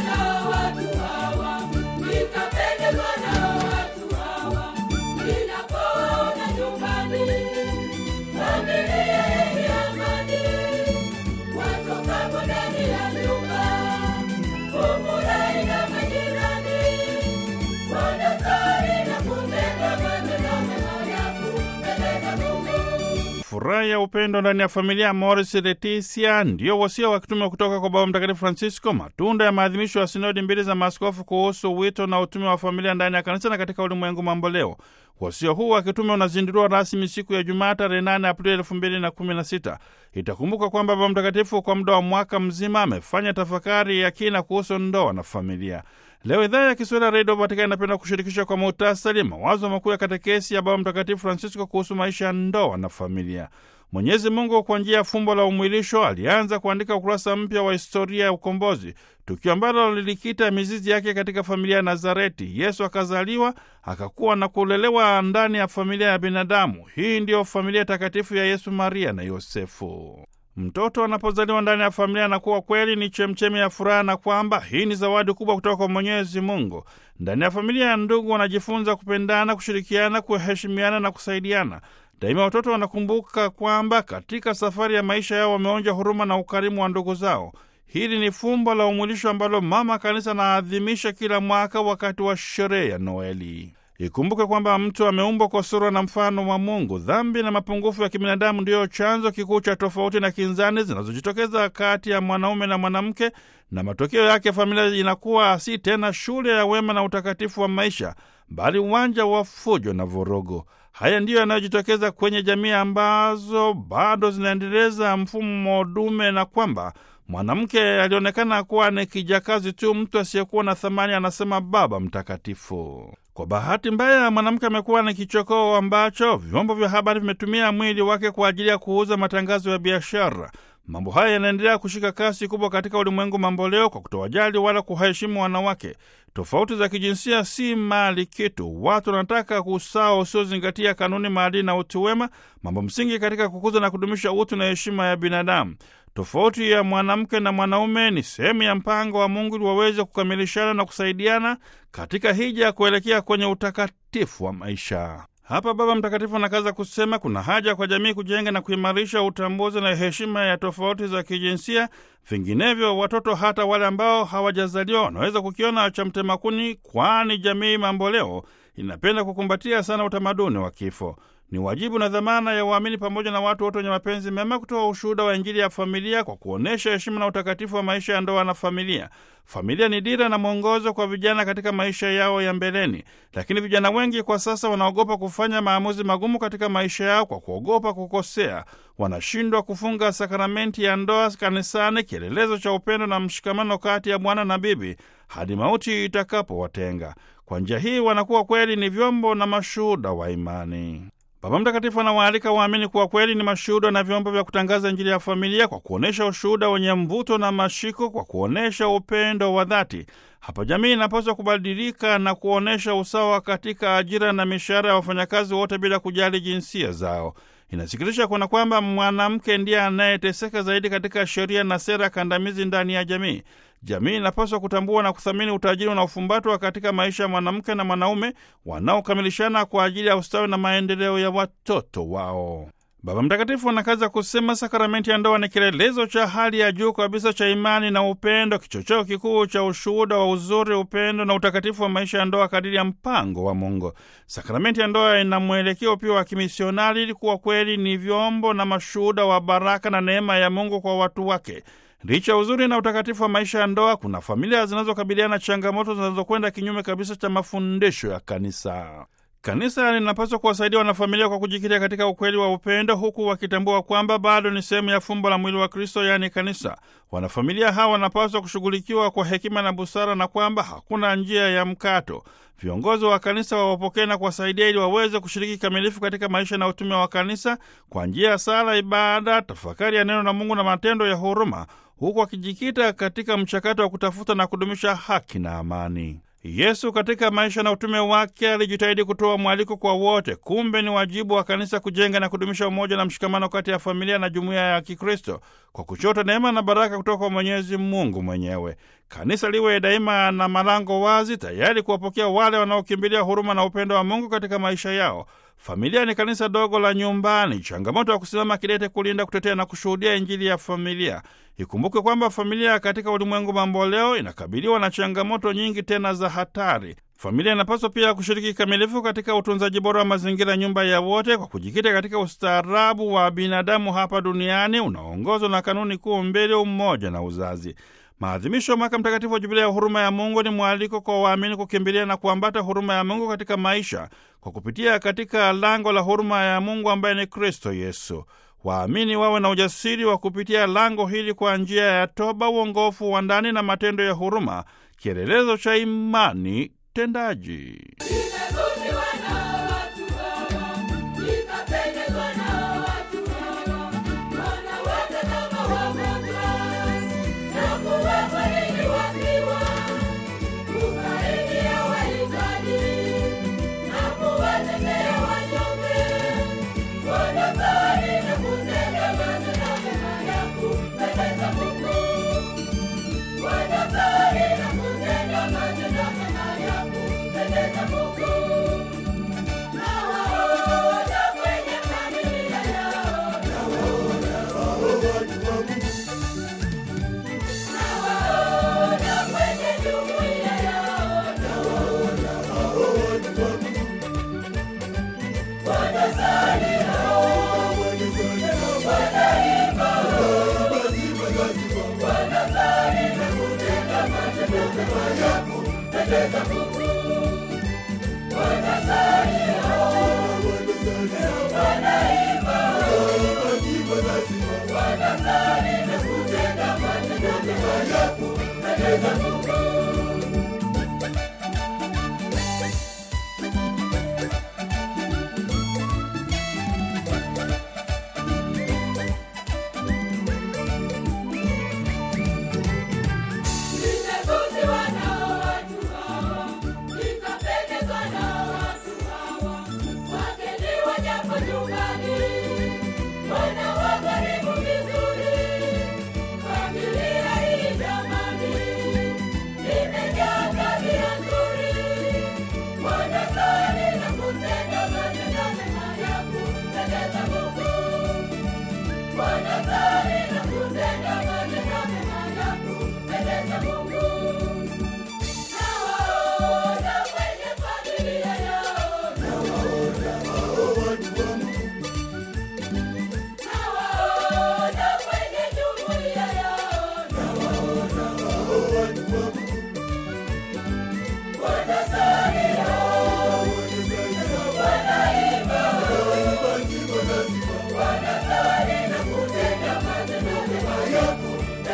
know. Furaha ya upendo ndani ya familia ya Moris Leticia ndiyo wasia wa kitume kutoka kwa Baba Mtakatifu Francisco, matunda ya maadhimisho ya sinodi mbili za maaskofu kuhusu wito na utume wa familia ndani ya kanisa na katika ulimwengu mamboleo. Wasia huu wa kitume unazinduliwa rasmi siku ya Jumaa tarehe 8 Aprili elfu mbili na kumi na sita. kwamba Baba Mtakatifu kwa muda wa mwaka mzima amefanya tafakari ya kina kuhusu ndoa na familia. Leo idhaa ya Kiswahili ya redio Vatikani inapenda kushirikisha kwa muhtasari mawazo makuu ya katekesi ya Baba Mtakatifu Francisco kuhusu maisha ya ndoa na familia. Mwenyezi Mungu kwa njia ya fumbo la umwilisho alianza kuandika ukurasa mpya wa historia ya ukombozi, tukio ambalo lilikita mizizi yake katika familia ya Nazareti. Yesu akazaliwa, akakuwa na kulelewa ndani ya familia ya binadamu. Hii ndiyo familia takatifu ya Yesu, Maria na Yosefu. Mtoto anapozaliwa ndani ya familia anakuwa kweli ni chemchemi ya furaha na kwamba hii ni zawadi kubwa kutoka kwa Mwenyezi Mungu. Ndani ya familia ya ndugu wanajifunza kupendana, kushirikiana, kuheshimiana na kusaidiana. Daima watoto wanakumbuka kwamba katika safari ya maisha yao wameonja huruma na ukarimu wa ndugu zao. Hili ni fumbo la umwilisho ambalo Mama Kanisa anaadhimisha kila mwaka wakati wa sherehe ya Noeli. Ikumbuke kwamba mtu ameumbwa kwa sura na mfano wa Mungu. Dhambi na mapungufu ya kibinadamu ndiyo chanzo kikuu cha tofauti na kinzani zinazojitokeza kati ya mwanaume na mwanamke, na matokeo yake familia inakuwa si tena shule ya wema na utakatifu wa maisha, bali uwanja wa fujo na vurugu. Haya ndiyo yanayojitokeza kwenye jamii ambazo bado zinaendeleza mfumo dume, na kwamba mwanamke alionekana kuwa ni kijakazi tu, mtu asiyekuwa na thamani, anasema Baba Mtakatifu. Kwa bahati mbaya, mwanamke amekuwa na kichokoo ambacho vyombo vya habari vimetumia mwili wake kwa ajili ya kuuza matangazo ya biashara. Mambo haya yanaendelea kushika kasi kubwa katika ulimwengu mamboleo kwa kutowajali wala kuheshimu wanawake. Tofauti za kijinsia si mali kitu. Watu wanataka usawa usiozingatia kanuni, maadili na utu wema, mambo msingi katika kukuza na kudumisha utu na heshima ya binadamu. Tofauti ya mwanamke na mwanaume ni sehemu ya mpango wa Mungu ili waweze kukamilishana na kusaidiana katika hija ya kuelekea kwenye utakatifu wa maisha. Hapa Baba Mtakatifu anakaza kusema kuna haja kwa jamii kujenga na kuimarisha utambuzi na heshima ya tofauti za kijinsia, vinginevyo watoto hata wale ambao hawajazaliwa wanaweza kukiona cha mtemakuni, kwani jamii mamboleo inapenda kukumbatia sana utamaduni wa kifo. Ni wajibu na dhamana ya waamini pamoja na watu wote wenye mapenzi mema kutoa ushuhuda wa Injili ya familia kwa kuonyesha heshima na utakatifu wa maisha ya ndoa na familia. Familia ni dira na mwongozo kwa vijana katika maisha yao ya mbeleni, lakini vijana wengi kwa sasa wanaogopa kufanya maamuzi magumu katika maisha yao kwa kuogopa kukosea. Wanashindwa kufunga sakramenti ya ndoa kanisani, kielelezo cha upendo na mshikamano kati ya bwana na bibi hadi mauti itakapowatenga. Kwa njia hii wanakuwa kweli ni vyombo na mashuhuda wa imani. Baba Mtakatifu anawaalika waamini kuwa kweli ni mashuhuda na vyombo vya kutangaza Injili ya familia kwa kuonyesha ushuhuda wenye mvuto na mashiko, kwa kuonyesha upendo wa dhati. Hapa jamii inapaswa kubadilika na kuonyesha usawa katika ajira na mishahara ya wafanyakazi wote bila kujali jinsia zao. Inasikitisha kuona kwamba mwanamke ndiye anayeteseka zaidi katika sheria na sera kandamizi ndani ya jamii. Jamii inapaswa kutambua na kuthamini utajiri unaofumbatwa katika maisha ya mwanamke na mwanaume wanaokamilishana kwa ajili ya ustawi na maendeleo ya watoto wao. Baba Mtakatifu anakaza kusema sakramenti ya ndoa ni kielelezo cha hali ya juu kabisa cha imani na upendo, kichocheo kikuu cha ushuhuda wa uzuri, upendo na utakatifu wa maisha ya ndoa kadiri ya mpango wa Mungu. Sakramenti ya ndoa ina mwelekeo pia wa kimisionari ili kuwa kweli ni vyombo na mashuhuda wa baraka na neema ya Mungu kwa watu wake. Licha uzuri na utakatifu wa maisha ya ndoa, kuna familia zinazokabiliana na changamoto zinazokwenda kinyume kabisa cha mafundisho ya kanisa. Kanisa linapaswa kuwasaidia wanafamilia kwa kujikita katika ukweli wa upendo, huku wakitambua kwamba bado ni sehemu ya fumbo la mwili wa Kristo, yaani kanisa. Wanafamilia hawa wanapaswa kushughulikiwa kwa hekima na busara, na kwamba hakuna njia ya mkato. Viongozi wa kanisa wawapokee na kuwasaidia ili waweze kushiriki kikamilifu katika maisha na utume wa kanisa kwa njia ya sala, ibada, tafakari ya neno la Mungu na matendo ya huruma huku akijikita katika mchakato wa kutafuta na kudumisha haki na amani. Yesu katika maisha na utume wake alijitahidi kutoa mwaliko kwa wote. Kumbe ni wajibu wa kanisa kujenga na kudumisha umoja na mshikamano kati ya familia na jumuiya ya Kikristo kwa kuchota neema na baraka kutoka kwa Mwenyezi Mungu mwenyewe. Kanisa liwe daima na malango wazi, tayari kuwapokea wale wanaokimbilia huruma na upendo wa Mungu katika maisha yao. Familia ni kanisa dogo la nyumbani, changamoto ya kusimama kidete kulinda, kutetea na kushuhudia Injili ya familia. ikumbuke kwamba familia katika ulimwengu mamboleo inakabiliwa na changamoto nyingi tena za hatari. Familia inapaswa pia kushiriki kikamilifu katika utunzaji bora wa mazingira, nyumba ya wote, kwa kujikita katika ustaarabu wa binadamu hapa duniani unaoongozwa na kanuni kuu mbili, umoja na uzazi. Maadhimisho ya mwaka mtakatifu wa jubilia ya huruma ya Mungu ni mwaliko kwa waamini kukimbilia na kuambata huruma ya Mungu katika maisha kwa kupitia katika lango la huruma ya Mungu ambaye ni Kristo Yesu. Waamini wawe na ujasiri wa kupitia lango hili kwa njia ya toba, uongofu wa ndani na matendo ya huruma, kielelezo cha imani tendaji. Beleza do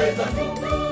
Beleza,